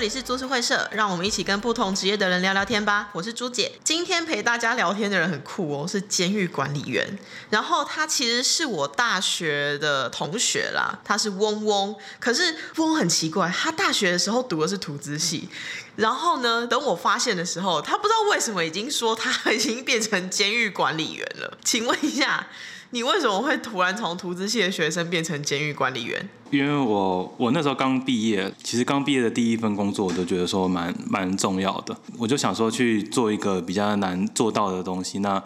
這裡是朱氏會社，讓我們一起跟不同職業的人聊聊天吧。我是朱姐，今天陪大家聊天的人很酷哦，是監獄管理員。然後他其實是我大學的同學啦，他是翁翁。可是翁很奇怪，他大學的時候讀的是圖資系。然後呢，等我發現的時候，他不知道為什麼已經說他已經變成監獄管理員了。請問一下，你為什麼會突然從圖資系的學生變成監獄管理員？因為我我那時候剛畢業，其實剛畢業的第一份工作，我都覺得說，蠻蠻重要的。我就想說去做一個比較難做到的東西，那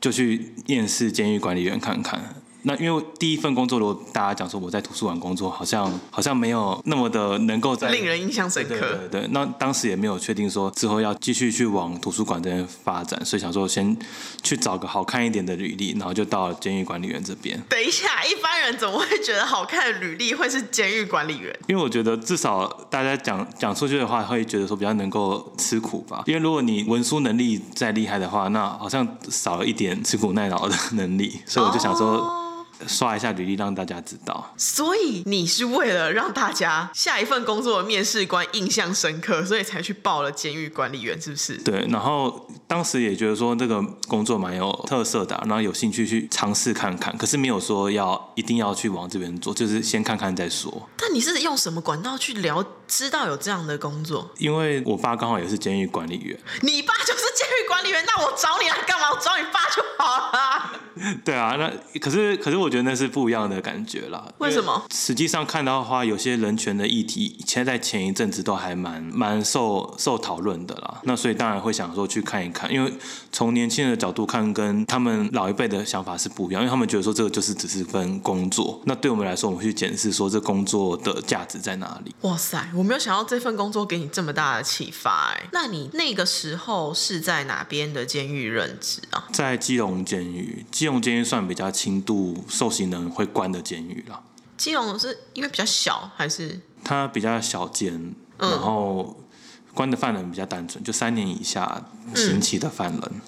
就去面試監獄管理員看看。那因為第一份工作，如果大家講說我在圖書館工作，好像好像沒有那麼的能夠在令人印象深刻。對對、對、對，那當時也沒有確定說之後要繼續去往圖書館這邊發展，所以想說先去找個好看一點的履歷，然後就到監獄管理員這邊。等一下，一般人怎麼會覺得好看的履歷會是監獄管理員？因為我覺得至少大家講講出去的話，會覺得說比較能夠吃苦吧。因為如果你文書能力再厲害的話，那好像少了一點吃苦耐勞的能力，所以我就想說。哦刷一下履歷，讓大家知道。所以你是為了讓大家下一份工作的面試官印象深刻，所以才去報了監獄管理員，是不是？對，然後當時也覺得說這個工作蠻有特色的，然後有興趣去嘗試看看，可是沒有說要一定要去往這邊做，就是先看看再說。但你是用什麼管道去聊，知道有這樣的工作？因為我爸剛好也是監獄管理員。你爸就是。監獄管理員，那我找你來幹嘛？我找你爸就好了。對啊，那可是可是，可是我覺得那是不一樣的感覺啦。為什麼？實際上看到的話，有些人權的議題，現在，在前一陣子都還蠻蠻受受討論的啦。那所以當然會想說去看一看，因為從年輕人的角度看，跟他們老一輩的想法是不一樣，因為他們覺得說這個就是只是份工作。那對我們來說，我們去檢視說這工作的價值在哪裡。哇塞，我沒有想到這份工作給你這麼大的啟發，欸。哎，那你那個時候是？在哪邊的監獄任職啊？在基隆監獄，基隆監獄算比較輕度受刑人會關的監獄了。基隆是因為比較小，還是？它比較小間，然後關的犯人比較單純，嗯、就三年以下刑期的犯人。嗯、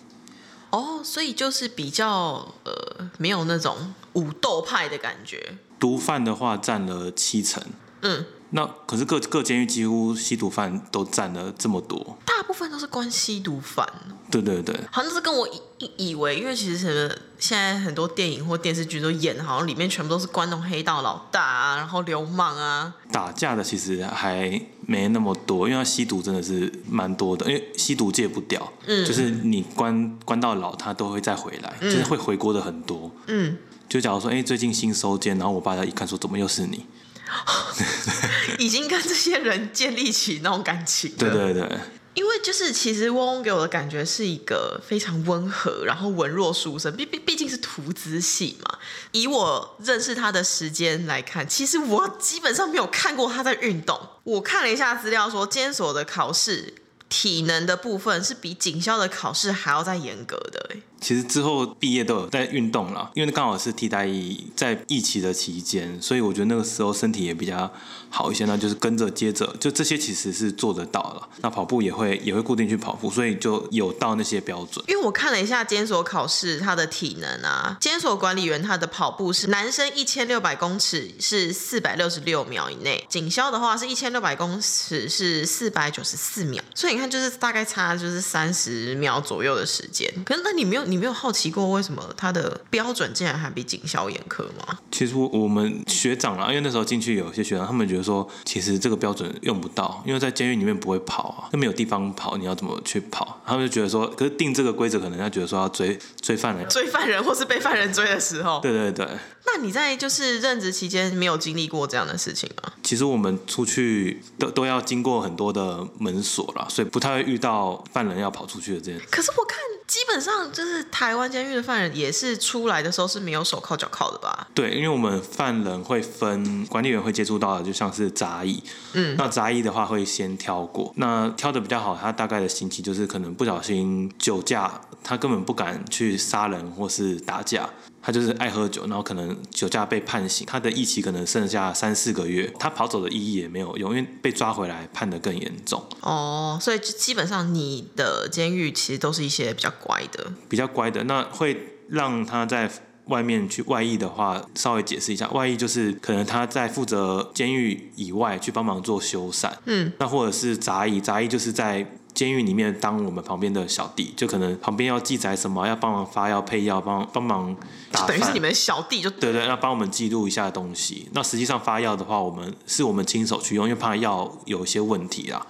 哦，所以就是比較呃，沒有那種武鬥派的感覺。毒販的話佔了七成。嗯。那可是各各監獄幾乎吸毒犯都占了這麼多，大部分都是關吸毒犯。對對對，好像是跟我以以為，因為其實什麼，現在很多電影或電視劇都演，好像裡面全部都是關那種黑道老大啊，然後流氓啊。打架的其實還沒那麼多，因為他吸毒真的是蠻多的，因為吸毒戒不掉，嗯、就是你關關到老，他都會再回來，嗯、就是會回鍋的很多。嗯，就假如說，哎、欸，最近新收監，然後我爸一看說，怎麼又是你？ 已經跟這些人建立起那種感情。對對對，因為就是其實汪汪給我的感覺是一個非常溫和，然後文弱書生，畢竟是圖資系嘛。以我認識他的時間來看，其實我基本上沒有看過他在運動。我看了一下資料，說監所的考試，體能的部分是比警校的考試還要再嚴格的哎。其實之後畢業都有在運動了，因為剛好是替代役在疫情的期間，所以我覺得那個時候身體也比較好一些。那就是跟着接着就這些其實是做得到了。那跑步也會也會固定去跑步，所以就有到那些標準。因為我看了一下監所考試他的體能啊，監所管理員他的跑步是男生一千六百公尺是四百六十六秒以內，警校的話是一千六百公尺是四百九十四秒，所以。你看，就是大概差就是三十秒左右的時間。可是，那你沒有你沒有好奇過，為什麼它的標準竟然還比警校嚴苛嗎？其實，我們學長啦，因為那時候進去有些學長，他們覺得說，其實這個標準用不到，因為在監獄裡面不會跑啊，又沒有地方跑，你要怎麼去跑？他們就覺得說，可是定這個規則，可能他覺得說要追追犯人，追犯人或是被犯人追的時候。對對對。那你在就是任職期間沒有經歷過這樣的事情嗎？其實我們出去都都要經過很多的門鎖了，所以不太會遇到犯人要跑出去的這樣。可是我看基本上就是台灣監獄的犯人也是出來的時候是沒有手銬腳銬的吧？對，因為我們犯人會分管理員會接觸到的，就像是雜役，嗯哼，那雜役的話會先挑過，那挑得比較好，他大概的刑期就是可能不小心酒駕，他根本不敢去殺人或是打架。他就是愛喝酒，然後可能酒駕被判刑，他的刑期可能剩下三四個月，他跑走的意義也沒有用，因為被抓回來判得更嚴重。哦，所以基本上你的監獄其實都是一些比較乖的，比較乖的。那會讓他在外面去外役的話，稍微解釋一下，外役就是可能他在負責監獄以外去幫忙做修繕，嗯，那或者是雜役，雜役就是在。監獄裡面，當我們旁邊的小弟，就可能旁邊要記載什麼，要幫忙發藥、配藥，幫幫忙打飯，就等於是你們小弟就對，對對，那幫我們記錄一下東西。那實際上發藥的話，我們是我們親手去用，因為怕藥有一些問題啦，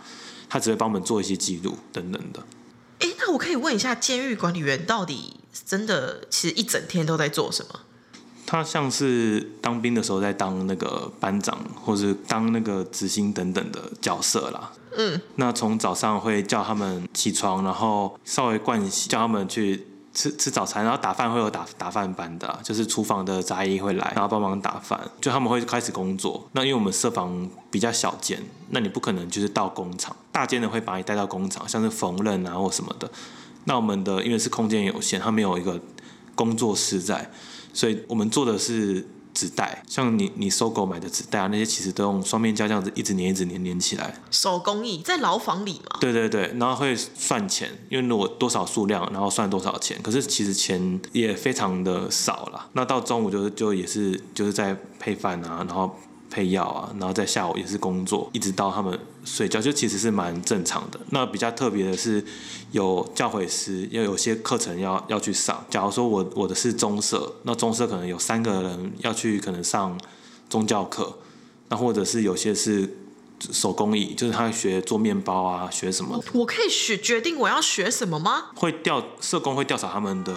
他只會幫我們做一些記錄等等的。哎、欸，那我可以問一下，監獄管理員到底真的其實一整天都在做什麼？他像是當兵的時候在當那個班長，或是當那個執行等等的角色啦。嗯，那從早上會叫他們起床，然後稍微盥洗，叫他們去吃吃早餐，然後打飯會有打打飯班的，就是廚房的雜役會來，然後幫忙打飯，就他們會開始工作。那因為我們舍房比較小間，那你不可能就是到工廠。大間的會把你帶到工廠，像是縫紉啊或什麼的。那我們的因為是空間有限，它沒有一個工作室在，所以我們做的是。紙袋，像你你收購買的紙袋啊，那些其實都用雙面膠這樣子一直粘一直粘粘起來。手工藝在牢房裡嘛。對對對，然後會算錢，因為我多少數量，然後算多少錢。可是其實錢也非常的少啦。那到中午就是就也是就是在配飯啊，然後。配藥啊，然後在下午也是工作，一直到他們睡覺，就其實是蠻正常的。那比較特別的是，有教誨師，因為有些課程要要去上。假如說我我的是中舍，那中舍可能有三個人要去，可能上宗教課，那或者是有些是手工藝，就是他學做麵包啊，學什麼。我，我可以學決定我要學什麼嗎？會調社工會調查他們的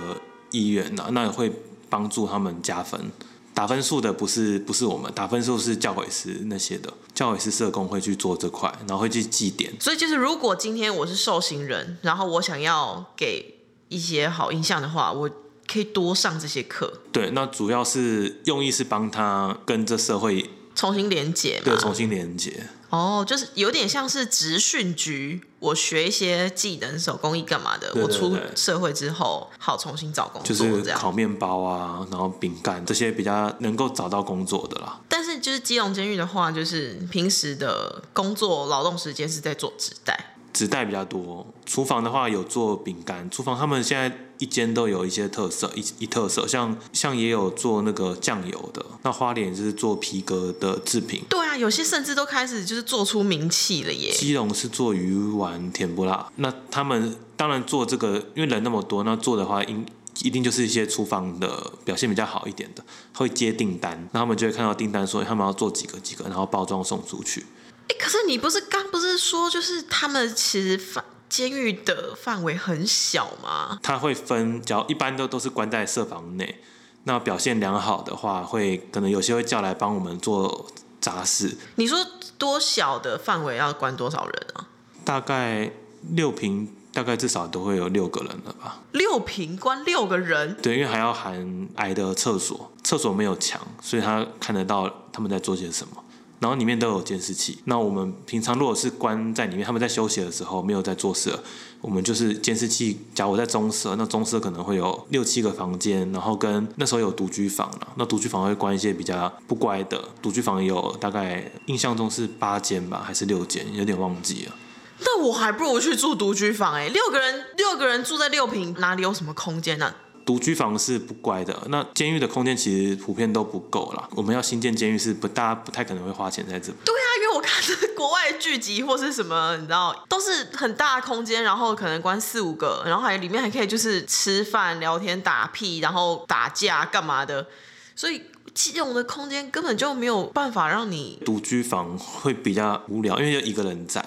意願的，那也會幫助他們加分。打分數的不是不是我們，打分數是教誨師那些的，教誨師社工會去做這塊，然後會去記點。所以就是，如果今天我是受刑人，然後我想要給一些好印象的話，我可以多上這些課。對，那主要是用意是幫他跟這社會重新連結對，重新連結哦，就是有點像是職訓局，我學一些技能、手工藝幹嘛的。對對對我出社會之後，好重新找工作這樣，就是烤麵包啊，然後餅乾這些比較能夠找到工作的啦。但是就是基隆監獄的話，就是平時的工作勞動時間是在做紙袋，紙袋比較多。廚房的話有做餅乾，廚房他們現在。一間都有一些特色，一一特色，像像也有做那個醬油的，那花蓮就是做皮革的製品。對啊，有些甚至都開始就是做出名氣了耶。基隆是做魚丸甜不辣，那他們當然做這個，因為人那麼多，那做的話，應一定就是一些廚房的表現比較好一點的，會接訂單，那他們就會看到訂單說，說他們要做幾個幾個，然後包裝送出去。哎、欸，可是你不是剛不是說就是他們其實監獄的範圍很小嗎？他會分，只要一般都都是關在舍房內。那表現良好的話，會可能有些會叫來幫我們做雜事。你說多小的範圍要關多少人啊？大概六坪，大概至少都會有六個人了吧？六坪關六個人，對，因為還要含矮的廁所，廁所沒有牆，所以他看得到他們在做些什麼。然後裡面都有監視器。那我們平常如果是關在裡面，他們在休息的時候沒有在做事，我們就是監視器。假如我在中舍，那中舍可能會有六七個房間，然後跟那時候有獨居房。那獨居房會關一些比較不乖的，獨居房也有大概印象中是八間吧，還是六間，有點忘記了。那我還不如去住獨居房哎、欸，六個人六個人住在六坪，哪裡有什麼空間呢、啊？獨居房是不乖的。那監獄的空間其實普遍都不夠啦。我們要新建監獄是不大不太可能會花錢在這邊。對啊，因為我看的國外劇集或是什麼，你知道，都是很大的空間，然後可能關四五個，然後還裡面還可以就是吃飯、聊天、打屁，然後打架幹嘛的。所以這種的空間根本就沒有辦法讓你獨居房會比較無聊，因為就一個人在。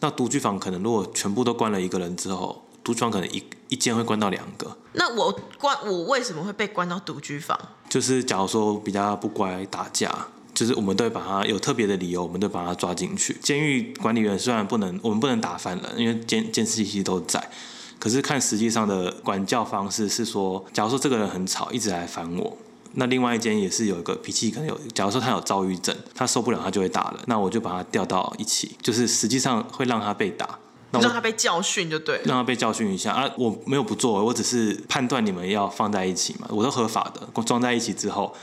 那獨居房可能如果全部都關了一個人之後。獨窗可能一一間會關到兩個，那我關我為什麼會被關到獨居房？就是假如說比較不乖打架，就是我們都會把他有特別的理由，我們都把他抓進去。監獄管理員雖然不能，我們不能打犯人，因為監監視器都在，可是看實際上的管教方式是說，假如說這個人很吵，一直來煩我，那另外一間也是有一個脾氣可能有，假如說他有躁鬱症，他受不了他就會打了，那我就把他調到一起，就是實際上會讓他被打。讓他被教訓就對，讓他被教訓一下啊！我沒有不作為，我只是判斷你們要放在一起嘛，我都合法的，我裝在一起之後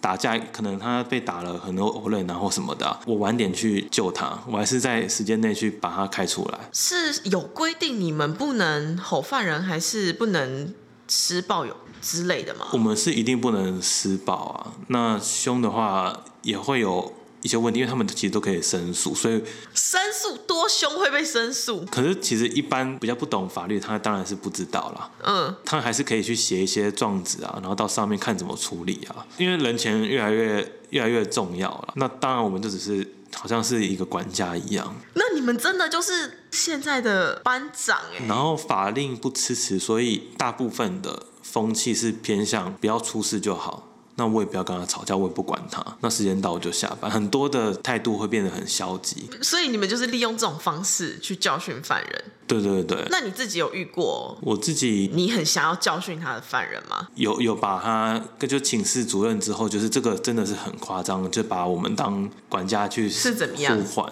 打架，可能他被打了很多毆累，然、然後什麼的，啊，我晚點去救他，我還是在時間內去把他開出來。是有規定你們不能吼犯人，還是不能施暴有之類的嗎？我們是一定不能施暴啊，那兇的話也會有。一些問題，因為他們其實都可以申訴，所以申訴多凶會被申訴。可是其實一般比較不懂法律，他當然是不知道啦。嗯，他還是可以去寫一些狀紙啊，然後到上面看怎麼處理啊。因為人前越來越越來越重要了，那當然我們就只是好像是一個管家一樣。那你們真的就是現在的班長哎、欸。然後法令不支持，所以大部分的風氣是偏向不要出事就好。那我也不要跟他吵架，我也不管他。那時間到我就下班，很多的態度會變得很消極。所以你們就是利用這種方式去教訓犯人？對對對。那你自己有遇過？我自己，你很想要教訓他的犯人嗎？有有把他就請示主任之後，就是這個真的是很誇張，就把我們當管家去呼喚是怎麼樣？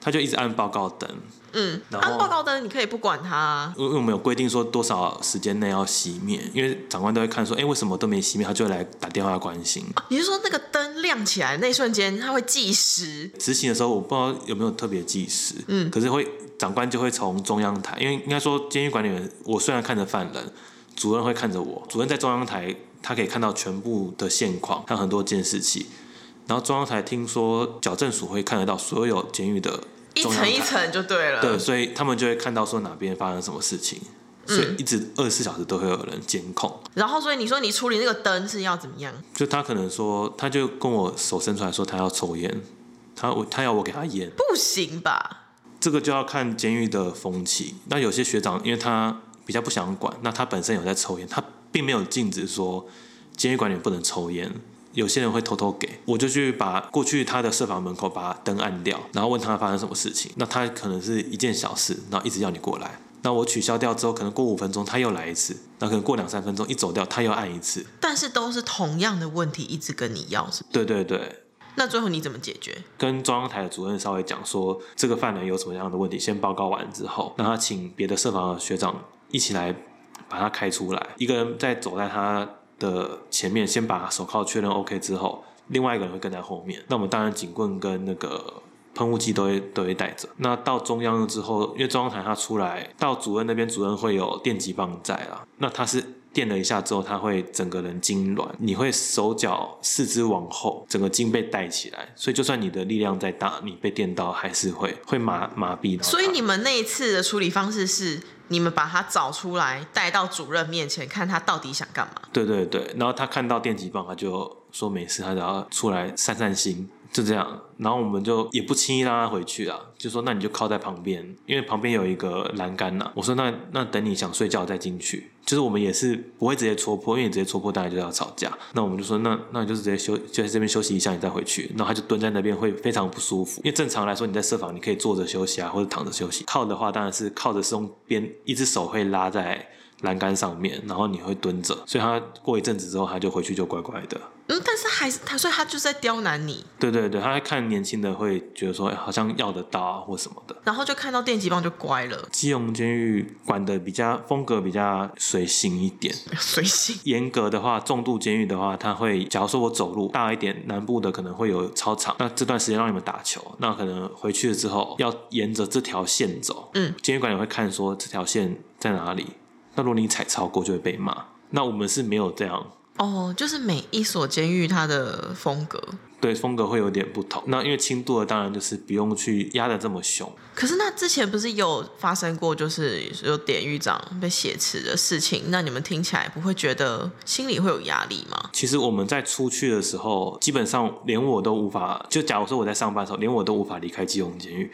他就一直按報告燈。嗯，按報告燈，你可以不管它。我我們有規定說多少時間內要熄滅，因為長官都會看說，哎，為什麼都沒熄滅，他就會來打電話關心。啊，你是說那個燈亮起來那一瞬間，他會計時？執行的時候我不知道有沒有特別計時，嗯，可是會長官就會從中央台，因為應該說監獄管理員，我雖然看着犯人，主任會看着我，主任在中央台，他可以看到全部的現況，看很多監視器，然後中央台聽說矯正署會看得到所有監獄的。一層一層就對了。對，所以他們就會看到說哪邊發生什麼事情，嗯、所以一直二十四小時都會有人監控。然後，所以你說你處理那個燈是要怎麼樣？就他可能說，他就跟我手伸出來說他要抽菸，他我他要我給他菸，不行吧？這個就要看監獄的風氣。那有些學長，因為他比較不想管，那他本身有在抽菸，他並沒有禁止說監獄管理不能抽菸。有些人會偷偷給，我就去把過去他的舍房門口把燈按掉，然後問他發生什麼事情。那他可能是一件小事，然後一直要你過來。那我取消掉之後，可能過五分鐘他又來一次，那可能過兩三分鐘一走掉他又按一次。但是都是同樣的問題，一直跟你要。是對對對。那最後你怎麼解決？跟中央台的主任稍微講說這個犯人有什麼樣的問題，先報告完之後，讓他請別的舍房學長一起來把他開出來。一個人在走在他的前面先把手銬確認 OK 之後，另外一個人會跟在後面。那我們當然警棍跟那個噴霧劑都會都會帶着。那到中央了之後，因為中央台他出來到主任那邊，主任會有電擊棒在啊。那他是電了一下之後，他會整個人痙攣，你會手腳四肢往後，整個筋被帶起來。所以就算你的力量再大，你被電到還是會會麻麻痹的。所以你們那一次的處理方式是？你們把他找出來，帶到主任面前，看他到底想幹嘛？對對對，然後他看到電擊棒，他就說沒事，他只要出來散散心。就這樣，然後我們就也不輕易讓他回去啊，就說那你就靠在旁邊，因為旁邊有一個欄杆呢、啊。我說那那等你想睡覺再進去，就是我們也是不會直接戳破，因為你直接戳破大家就要吵架。那我們就說那那你就是直接休就在這邊休息一下你再回去，然後他就蹲在那邊會非常不舒服，因為正常來說你在舍房你可以坐着休息啊或者躺着休息，靠的話當然是靠着是用邊一隻手會拉在。欄杆上面，然後你會蹲着，所以他過一陣子之後，他就回去就乖乖的。嗯，但是還是他，所以他就是在刁難你。對對對，他還看年輕的，會覺得說、哎、好像要得到、啊、或什麼的，然後就看到電擊棒就乖了。基隆監獄管的比較風格比較隨性一點，隨性。嚴格的話，重度監獄的話，他會，假如說我走路大一點，南部的可能會有操場，那這段時間讓你們打球，那可能回去了之後要沿着這條線走。嗯，監獄管理員會看說這條線在哪裡。那如果你踩超過就會被罵，那我們是沒有這樣哦，oh, 就是每一所監獄它的風格，對，風格會有點不同。那因為輕度的當然就是不用去壓得這麼兇。可是那之前不是有發生過就是有典獄長被挾持的事情，那你們聽起來不會覺得心裡會有壓力嗎？其實我們在出去的時候，基本上連我都無法，就假如說我在上班的時候，連我都無法離開基隆監獄。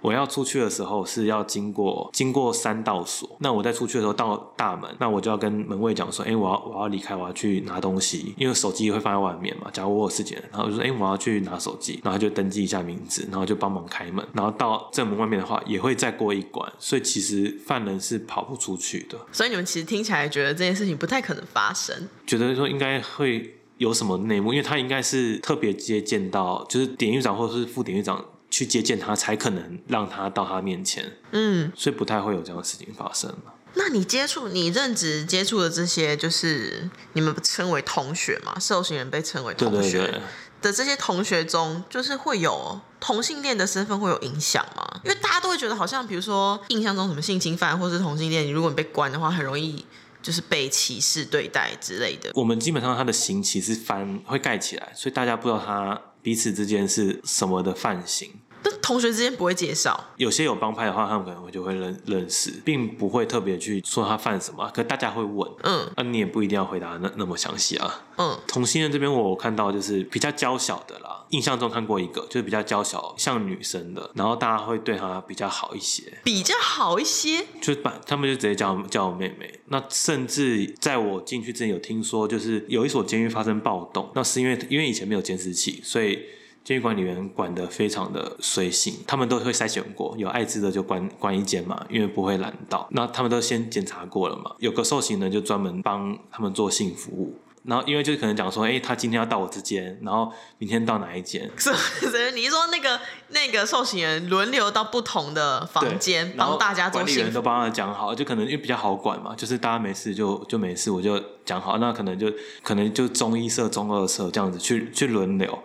我要出去的時候是要經過經過三道鎖，那我在出去的時候到大門，那我就要跟門衛講說，哎、欸，我要我要離開，我要去拿東西，因為手機會放在外面嘛。假如我有事情，然後我就說，哎、欸，我要去拿手機，然後就登記一下名字，然後就幫忙開門。然後到正門外面的話，也會再過一關，所以其實犯人是跑不出去的。所以你們其實聽起來覺得這件事情不太可能發生，覺得說應該會有什麼內幕，因為他應該是特別接見到，就是典獄長或者是副典獄長。去接見他，才可能讓他到他面前。嗯，所以不太會有這樣的事情發生嘛。那你接觸、你任職接觸的這些，就是你們稱為同學嘛？受刑人被稱為同學的這些同學中，就是會有同性戀的身份會有影響嗎？因為大家都會覺得，好像比如說印象中什麼性侵犯或是同性戀，如果你被關的話，很容易就是被歧視對待之類的。我們基本上他的刑期是翻會蓋起來，所以大家不知道他，彼此之間是什麼的犯行？但同學之間不會介紹，有些有幫派的話，他們可能會就會認認識，並不會特別去說他犯什麼，可大家會問，嗯，那、啊、你也不一定要回答那那麼詳細啊，嗯，同性戀這邊我看到就是比較嬌小的啦，印象中看過一個就是比較嬌小像女生的，然後大家會對他比較好一些，比較好一些，就把他們就直接叫叫我妹妹，那甚至在我進去之前有聽說就是有一所監獄發生暴動，那是因為因為以前沒有監視器，所以。監獄管理員管的非常的隨性，他們都會篩選過，有艾滋的就關關一間嘛，因為不會染到。那他們都先檢查過了嘛，有個受刑人就專門幫他們做性服務。然後因為就可能講說，哎、欸，他今天要到我這間，然後明天到哪一間？是 你說那個那個受刑人輪流到不同的房間幫大家做？管理員都幫他講好，就可能因為比較好管嘛，就是大家沒事就就沒事，我就講好，那可能就可能就中一舍、中二舍這樣子去去輪流。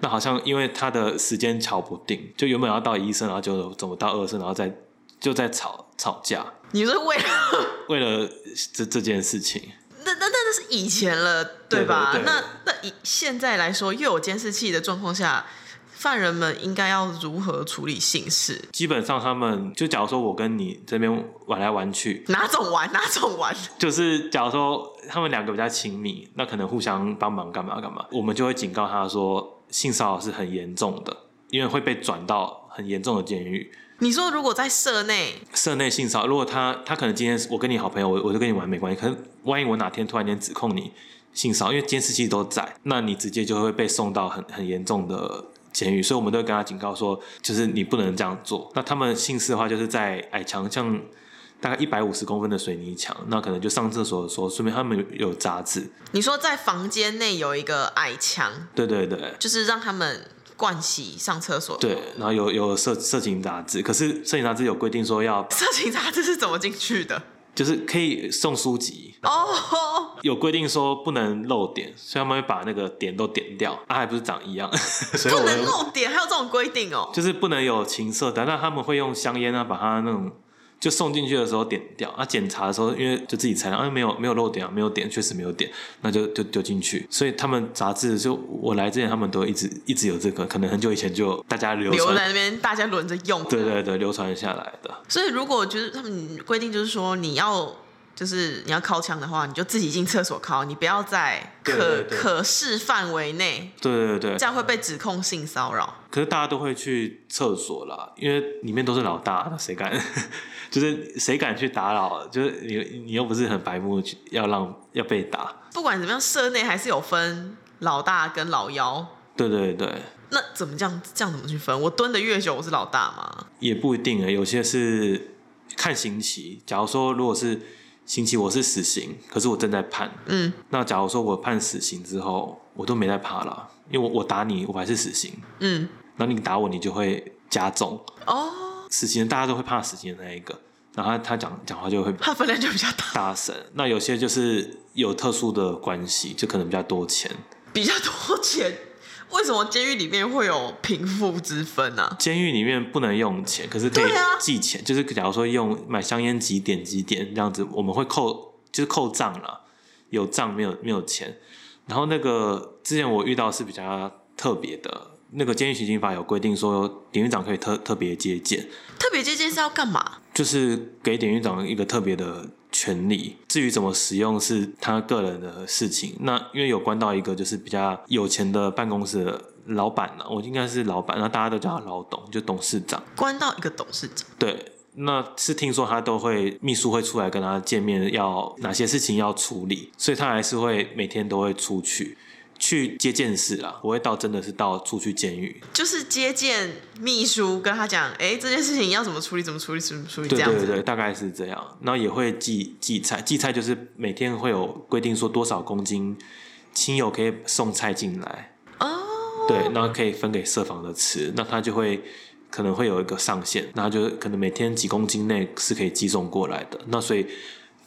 那好像因為他的時間喬不定，就原本要到一室，然後就怎麼到二室，然後再就在吵吵架。你是為了為了這這件事情？那那那那是以前了，對吧？對對對，那那以現在來說，又有監視器的狀況下，犯人們應該要如何處理性事？基本上他們就假如說我跟你這邊玩來玩去。哪種玩哪種玩？種玩就是假如說他們兩個比較親密，那可能互相幫忙幹嘛幹嘛，我們就會警告他說。性騷擾是很嚴重的，因為會被轉到很嚴重的監獄。你說如果在社內，社內性騷，如果他他可能今天我跟你好朋友，我我就跟你玩沒關係，可是萬一我哪天突然間指控你性騷，因為監視器都在，那你直接就會被送到很很嚴重的監獄，所以我們都會跟他警告說，就是你不能這樣做。那他們性事的話，就是在矮牆像。大概一百五十公分的水泥牆，那可能就上廁所的時候，順便他們有雜誌。你說在房間內有一個矮牆，對對對，就是讓他們盥洗上廁所。對，然後有有色、色情雜誌，可是色情雜誌有規定說要。色情雜誌是怎麼進去的？就是可以送書籍哦，oh! 有規定說不能露點，所以他們會把那個點都點掉，那、啊、還不是長一樣？不 能露點，還有這種規定哦。 就是不能有情色的，那他們會用香菸啊，把它那種。就送進去的時候點掉啊，檢查的時候因為就自己拆了，啊，因為沒有沒有漏點啊，沒有點，確實沒有點，那就就丟進去。所以他們雜誌就我來之前，他們都一直一直有這個，可能很久以前就大家留留在那邊，大家輪着用。對，對對對，流傳下來的。所以如果就是他們規定，就是說你要。就是你要尻槍的話，你就自己進廁所尻，你不要在可對對對對可、可視範圍內。對，對對對，這樣會被指控性騷擾。可是大家都會去廁所啦，因為裡面都是老大，誰敢？ 就是誰敢去打擾？就是你你又不是很白目，要讓要被打。不管怎麼樣，社內還是有分老大跟老幺。對對對。那怎麼這樣？這樣怎麼去分？我蹲的越久，我是老大嗎？也不一定啊、欸，有些是看刑期。假如說，如果是。星期我是死刑，可是我正在判。嗯，那假如說我判死刑之後，我都沒在怕了，因為我我打你，我還是死刑。嗯，然後你打我，你就會加重。哦，死刑，大家都會怕死刑的那一個，然後他，他講講話就會，他本來就比較大。大神。那有些就是有特殊的關係，就可能比較多錢，比較多錢。為什麼監獄裡面會有貧富之分呢、啊？監獄裡面不能用錢，可是可以寄錢、啊、就是，假如說用買香菸幾點幾點這樣子，我們會扣，就是扣賬了，有賬沒有沒有錢。然後那個之前我遇到的是比較特別的，那個監獄行刑法有規定說，典獄長可以特特別接見，特別接見是要幹嘛？就是給典獄長一個特別的。權利，至於怎麼使用是他個人的事情。那因為有關到一個就是比較有錢的辦公室的老闆了啊，我應該是老闆，那大家都叫他老董，就董事長。關到一個董事長，對，那是聽說他都會秘書會出來跟他見面，要哪些事情要處理，所以他還是會每天都會出去。去接見室啊，不會到真的是到出去監獄，就是接見秘書，跟他講，哎、欸，這件事情要怎麼處理，怎麼處理，怎麼處理這樣子。對對，對大概是這樣。然後也會寄寄菜，寄菜就是每天會有規定說多少公斤，親友可以送菜進來哦。Oh、對，那可以分給舍房的吃，那他就會可能會有一個上限，那他就可能每天幾公斤內是可以寄送過來的。那所以。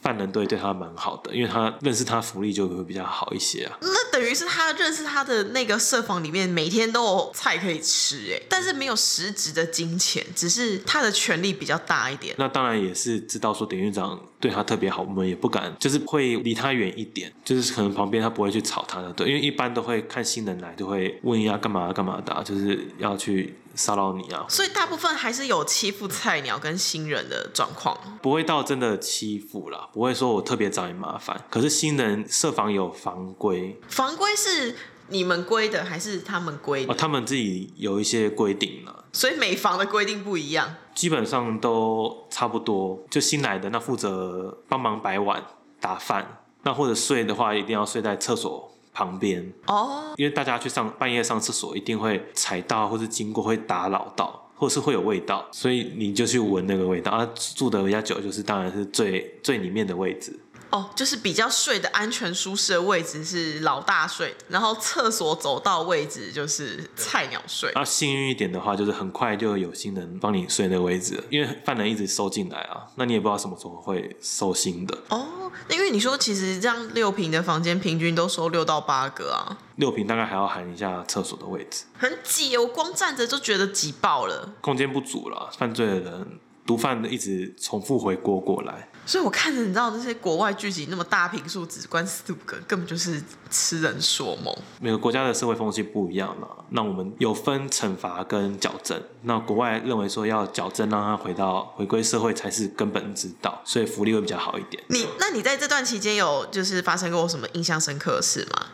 犯人隊對，對他蠻好的，因為他認識他，福利就會比較好一些啊。那等於是他認識他的那個社房裡面，每天都有菜可以吃，耶，但是沒有實質的金錢，只是他的權力比較大一點。那當然也是知道說典獄長對他特別好，我們也不敢，就是會離他遠一點，就是可能旁邊他不會去吵他的對。嗯、因為一般都會看新人來，都會問一下幹嘛幹嘛的，就是要去騷擾你啊！所以大部分還是有欺負菜鳥跟新人的狀況。不會到真的欺負啦，不會說我特別找你麻煩。可是新人設房有房規，房規是你們規的還是他們規？哦、啊，他們自己有一些規定了、啊。所以每房的規定不一樣。基本上都差不多，就新來的那負責幫忙擺碗打飯，那或者睡的話一定要睡在廁所。旁邊哦，因為大家去上半夜上廁所，一定會踩到或是經過，會打擾到，或是會有味道，所以你就去聞那個味道啊。而住的比較久，就是當然是最最裡面的位置。哦，oh, 就是比較睡的安全舒適的位置是老大睡，然後廁所走道位置就是菜鳥睡。那、啊、幸運一點的話，就是很快就有新人幫你睡那個位置，因為犯人一直收進來啊，那你也不知道什麼時候會收新的。哦，oh, 因為你說其實這樣六坪的房間平均都收六到八個啊，六坪大概還要含一下廁所的位置，很擠，我光站着就覺得擠爆了，空間不足了。犯罪的人、毒販一直重複回鍋過來。所以，我看着你知道這些國外劇集那麼大，坪數只關四五個，根本就是痴人說夢。每個國家的社會風氣不一樣啊，那我們有分懲罰跟矯正。那國外認為說要矯正，讓他回到回歸社會才是根本之道，所以福利會比較好一點。你那你在這段期間有就是發生過什麼印象深刻的事嗎？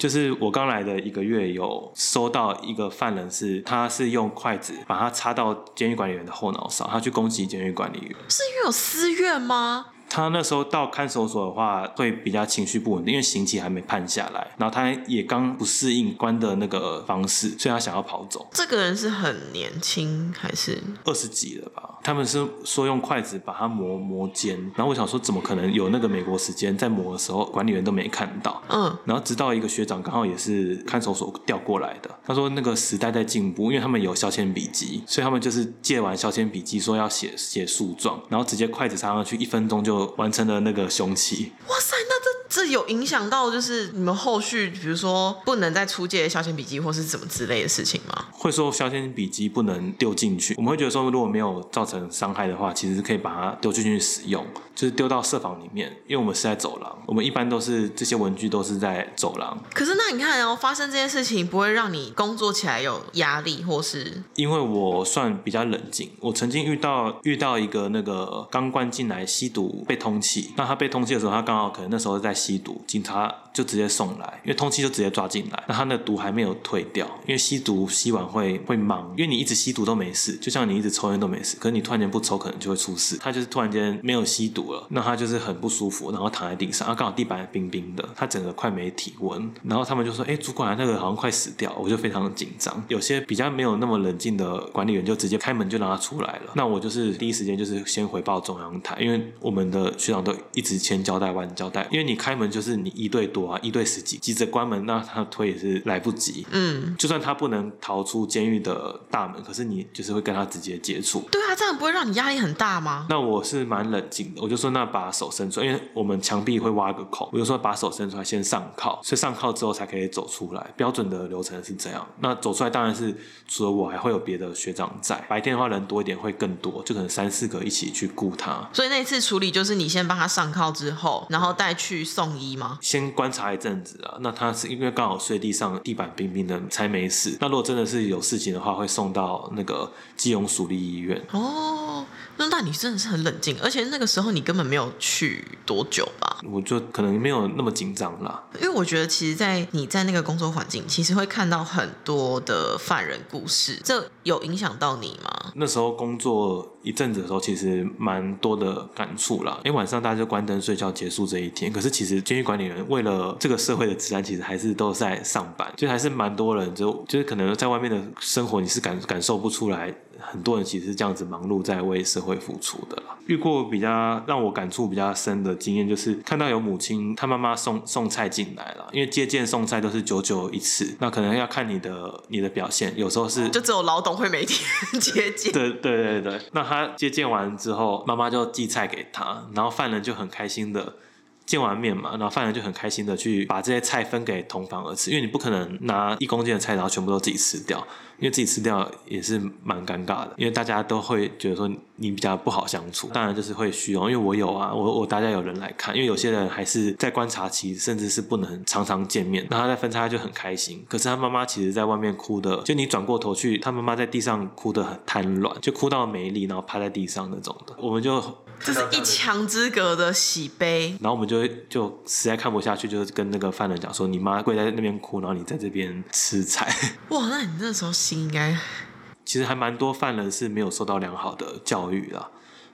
就是我剛來的一個月，有收到一個犯人是，他是用筷子把他插到監獄管理員的後腦勺，他去攻擊監獄管理員，不是因為有私怨嗎？他那時候到看守所的話，會比較情緒不穩定，因為刑期還沒判下來，然後他也剛不適應關的那個方式，所以他想要跑走。這個人是很年輕還是二十幾了吧？他們是說用筷子把他磨磨尖，然後我想說怎麼可能有那個美國時間在磨的時候，管理員都沒看到。嗯，然後直到一個學長剛好也是看守所調過來的，他說那個時代在進步，因為他們有削鉛筆機，所以他們就是借完削鉛筆機說要寫寫訴狀，然後直接筷子插上去，一分鐘就。完成了那個兇器，哇塞！那這這有影響到，就是你們後續，比如說不能再出借消遣筆記或是什麼之類的事情嗎？會說消遣筆記不能丟進去，我們會覺得說，如果沒有造成傷害的話，其實可以把它丟進去使用。就是丟到社房裡面，因為我們是在走廊，我們一般都是這些文具都是在走廊。可是那你看哦，發生這件事情不會讓你工作起來有壓力，或是因為我算比較冷靜。我曾經遇到遇到一個那個剛關進來吸毒被通緝，那他被通緝的時候，他剛好可能那時候在吸毒，警察就直接送來，因為通緝就直接抓進來。那他那毒還沒有退掉，因為吸毒吸完會會盲，因為你一直吸毒都沒事，就像你一直抽煙都沒事，可是你突然間不抽可能就會出事。他就是突然間沒有吸毒。那他就是很不舒服，然後躺在地上，然後剛好地板冰冰的，他整個快沒體溫。然後他們就說：“哎、欸，主管那個好像快死掉。”我就非常的緊張。有些比較沒有那麼冷靜的管理員就直接開門就讓他出來了。那我就是第一時間就是先回報中央台，因為我們的學長都一直千交代萬交代。因為你開門就是你一對多啊，一對十幾，急着關門，那他推也是來不及。嗯，就算他不能逃出監獄的大門，可是你就是會跟他直接接觸。對啊，這樣不會讓你壓力很大嗎？那我是蠻冷靜的，我就是，說那把手伸出來，因為我們牆壁會挖個孔。比如說把手伸出來，先上銬，所以上銬之後才可以走出來。標準的流程是這樣。那走出來當然是除了我還會有別的學長在。白天的話人多一點會更多，就可能三四個一起去顧他。所以那次處理就是你先幫他上銬之後，然後帶去送醫嗎？先觀察一陣子啊。那他是因為剛好睡地上，地板冰冰的才沒死。那如果真的是有事情的話，會送到那個基隆署立醫院。哦。那你真的是很冷靜，而且那個時候你根本沒有去多久吧？我就可能沒有那麼緊張了，因為我覺得其實，在你在那個工作環境，其實會看到很多的犯人故事，這有影響到你嗎？那時候工作一陣子的時候，其實蠻多的感觸了，因為晚上大家就關燈睡覺結束這一天，可是其實監獄管理員為了這個社會的治安，其實還是都在上班，所以、嗯、還是蠻多人就，就就是可能在外面的生活，你是感感受不出來。很多人其實是這樣子忙碌在為社會付出的啦。遇過比較讓我感觸比較深的經驗，就是看到有母親，她媽媽送送菜進來了，因為接見送菜都是久久一次，那可能要看你的你的表現，有時候是，就只有老董會每天接見。對對對對，那他接見完之後，媽媽就寄菜給他，然後犯人就很開心的見完面嘛，然後犯人就很開心的去把這些菜分給同房而吃，因為你不可能拿一公斤的菜然後全部都自己吃掉。因為自己吃掉也是蠻尷尬的，因為大家都會覺得說你比較不好相處，當然就是會虛榮。因為我有啊，我我大家有人來看，因為有些人還是在觀察期，甚至是不能常常見面。然後他在分叉就很開心，可是他媽媽其實，在外面哭的，就你轉過頭去，他媽媽在地上哭的很癱軟，就哭到沒力，然後趴在地上那種的。我們就這是一牆之隔的喜悲，然後我們就就實在看不下去，就是跟那個犯人講說，你媽跪在那邊哭，然後你在這邊吃菜。哇，那你那時候喜。應該，其實還蠻多犯人是沒有受到良好的教育的，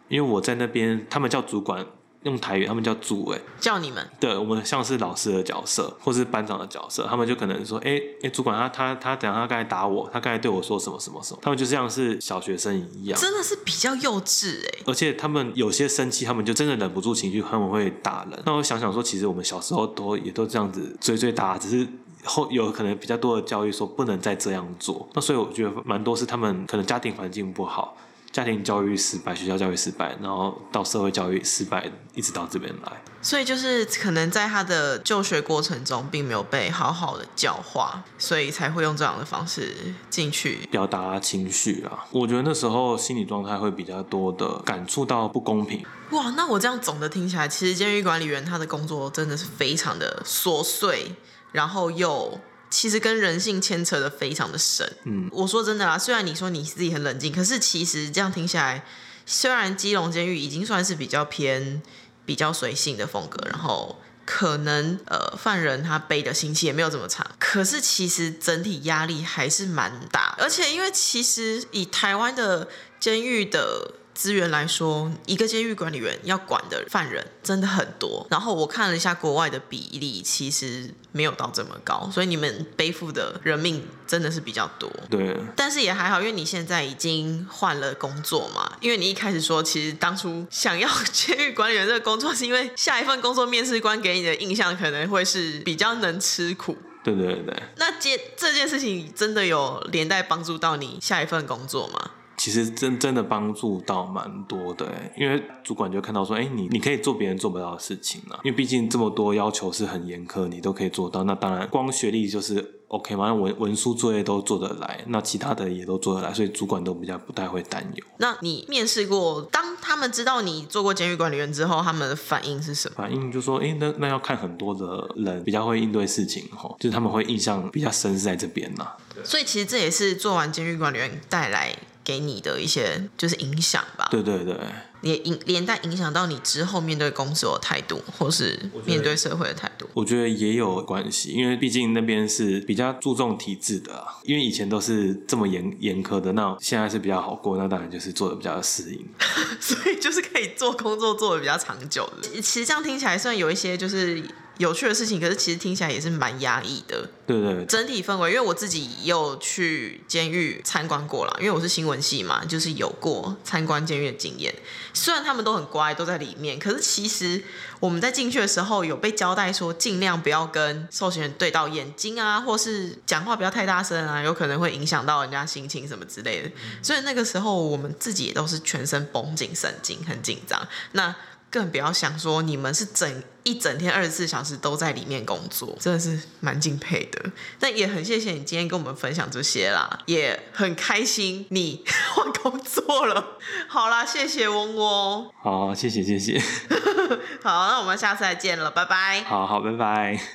因為我在那邊，他們叫主管用台語，他們叫主委、欸、叫你們，對我們像是老師的角色，或是班長的角色，他們就可能說，哎哎，主管他他他，他他等下他剛才打我，他剛才對我說什麼什麼什麼？他們就像是小學生一樣，真的是比較幼稚哎、欸。而且他們有些生氣，他們就真的忍不住情緒，他們會打人。那我想想說，其實我們小時候都也都這樣子追追打，只是。後有可能比較多的教育說不能再這樣做，那所以我覺得蠻多是他們可能家庭環境不好，家庭教育失敗，學校教育失敗，然後到社會教育失敗，一直到這邊來。所以就是可能在他的就學過程中，並沒有被好好的教化，所以才會用這樣的方式進去表達情緒啊。我覺得那時候心理狀態會比較多的感觸到不公平。哇，那我這樣總的聽起來，其實監獄管理員他的工作真的是非常的瑣碎。然後又，其實跟人性牽扯的非常的深。嗯，我說真的啦，雖然你說你自己很冷靜，可是其實這樣聽下來，雖然基隆監獄已經算是比較偏比較隨性的風格，然後可能呃犯人他背的刑期也沒有這麼長，可是其實整體壓力還是蠻大。而且因為其實以台灣的監獄的資源來說，一個監獄管理員要管的犯人真的很多。然後我看了一下國外的比例，其實沒有到這麼高。所以你們背負的人命真的是比較多。對。但是也還好，因為你現在已經換了工作嘛。因為你一開始說，其實當初想要監獄管理員這個工作，是因為下一份工作面試官給你的印象可能會是比較能吃苦。對對對。那這這件事情真的有連帶幫助到你下一份工作嗎？其實真真的幫助到蠻多的，因為主管就看到說，哎，你你可以做別人做不到的事情了啊，因為畢竟這麼多要求是很嚴苛，你都可以做到。那當然，光學歷就是 OK 嘛，那文文書作業都做得來，那其他的也都做得來，所以主管都比較不太會擔憂。那你面試過，當他們知道你做過監獄管理員之後，他們的反應是什麼？反應就說，哎，那那要看很多的人比較會應對事情哦。就他們會印象比較深是在這邊嘛啊。對所以其實這也是做完監獄管理員帶來。給你的一些就是影響吧，對對對，連連帶影響到你之後面對工作的態度，或是面對社會的態度我，我覺得也有關係，因為畢竟那邊是比較注重體制的，因為以前都是這麼嚴嚴苛的，那現在是比較好過，那當然就是做的比較適應， 所以就是可以做工作做的比較長久的。其實這樣聽起來，算有一些就是有趣的事情，可是其實聽起來也是蠻壓抑的。對，對，對，整體氛圍，因為我自己有去監獄參觀過啦，因為我是新聞系嘛，就是有過參觀監獄的經驗。雖然他們都很乖，都在裡面，可是其實我們在進去的時候有被交代說，儘量不要跟受刑人對到眼睛啊，或是講話不要太大聲啊，有可能會影響到人家心情什麼之類的。嗯、所以那個時候我們自己也都是全身繃緊神經，很緊張。那更不要想說，你們是整一整天二十四小時都在裡面工作，真的是蠻敬佩的。但也很謝謝你今天跟我們分享這些啦，也很開心你換工作了。好啦，謝謝翁翁，好，謝謝謝謝， 好，那我們下次再見了，拜拜，好好拜拜。